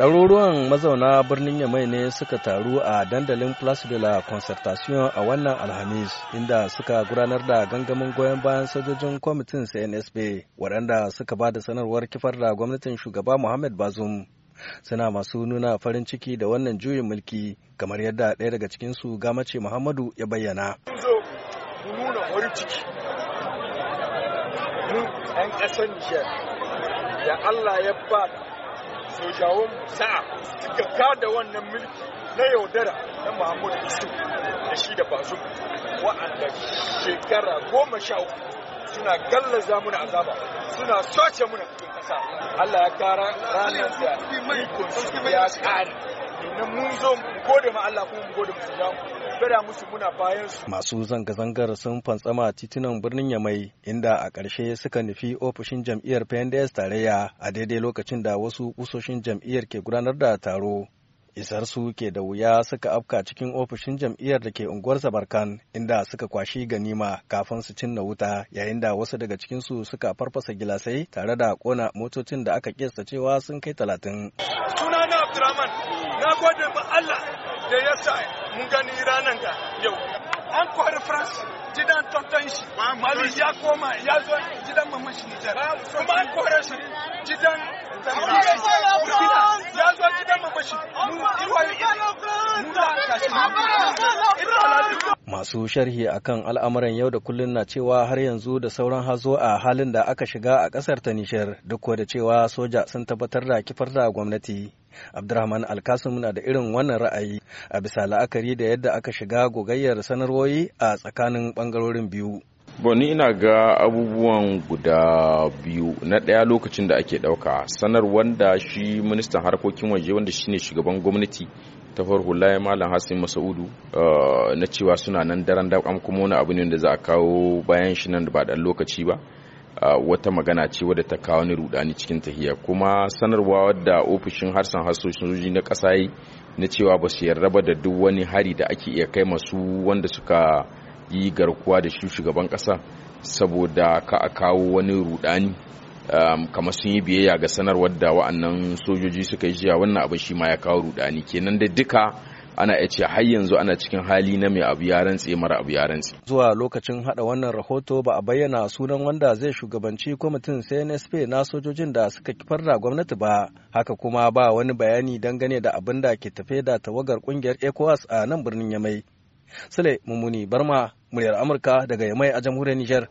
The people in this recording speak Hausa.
ɗaruruwan mazauna birnin yamai ne suka taru a dandalin place de la concertation a wannan alhamis inda suka gudanar da gangamin goyon bayan sojojin kwamitin cnsb waɗanda suka ba da sanarwar kifar da gwamnatin shugaba mohamed bazum suna masu nuna farin ciki da wannan juyin mulki kamar yadda ɗaya daga cikinsu gamace muhammadu ya bayyana ya Allah ya ba dattawan sa'a suka kada wannan mulki na yaudara na Muhammadu Isu da shi da bazu wa'anda shekara goma sha uku suna gallaza muna azaba suna soce muna cikin kasa Allah ya kara ranar da ikon ya kare domin mun zo mu gode ma Allah kuma mu gode mu gada musu muna bayan su. Masu zanga-zangar sun fantsama titunan birnin Yamai inda a ƙarshe suka nufi ofishin jam'iyyar PNDS tarayya a daidai lokacin da wasu kusoshin jam'iyyar ke gudanar da taro. Isar su ke da wuya suka afka cikin ofishin jam'iyyar da ke unguwar Zabarkan inda suka kwashi ganima kafin su cinna wuta yayin da wasu daga cikinsu suka farfasa gilasai tare da kona motocin da aka kesa cewa sun kai talatin. Abdurrahman na gode ba Allah da ya sa mun gani ranar ga yau an kwari France gidan tattan shi Mali ya koma ya zo gidan mamman shi Nijar kuma an kore shi gidan Burkina ya zo gidan mamman mamashi mu iwaye muna kashi masu sharhi akan al'amuran yau da kullum na cewa har yanzu da sauran hazo a halin da aka shiga a kasar ta nishar duk da cewa soja sun tabbatar da kifar da gwamnati abdurrahman Alkasim na da irin wannan ra'ayi a bisa la'akari da yadda aka shiga gogayyar sanarwoyi a tsakanin bangarorin biyu ni ina ga abubuwan guda biyu na ɗaya lokacin da ake ɗauka sanar wanda shi ministan harkokin waje wanda shine shugaban gwamnati ta farko laye malam hassan masaudu eh, na cewa suna nan daren dakam kuma wani abu ne da za a kawo bayan shi nan ba dan lokaci ba eh, wata magana ce wadda ta kawo ni rudani cikin tahiya kuma sanarwa wadda ofishin harsan hasoshin na kasa na cewa ba su yarda ba da duk wani hari da ake iya kai masu wanda suka yi garkuwa da shi shugaban kasa saboda ka a kawo wani rudani Um, kamar sun yi biyayya ga sanarwar da wa'annan sojoji suka yi jiya wannan abin shi ma ya kawo rudani kenan da duka ana iya ce har yanzu ana cikin hali na mai abu ya rantse mara abu ya rantse. Zuwa lokacin hada wannan rahoto ba a bayyana sunan wanda zai shugabanci kwamitin CNSP na sojojin da suka kifar da gwamnati ba, haka kuma ba wani bayani dangane da abin da ke tafe da tawagar kungiyar ECOWAS a nan birnin Yamai. Sule Mummuni Barma, muryar Amurka daga Yamai a jamhuriyar Nijar.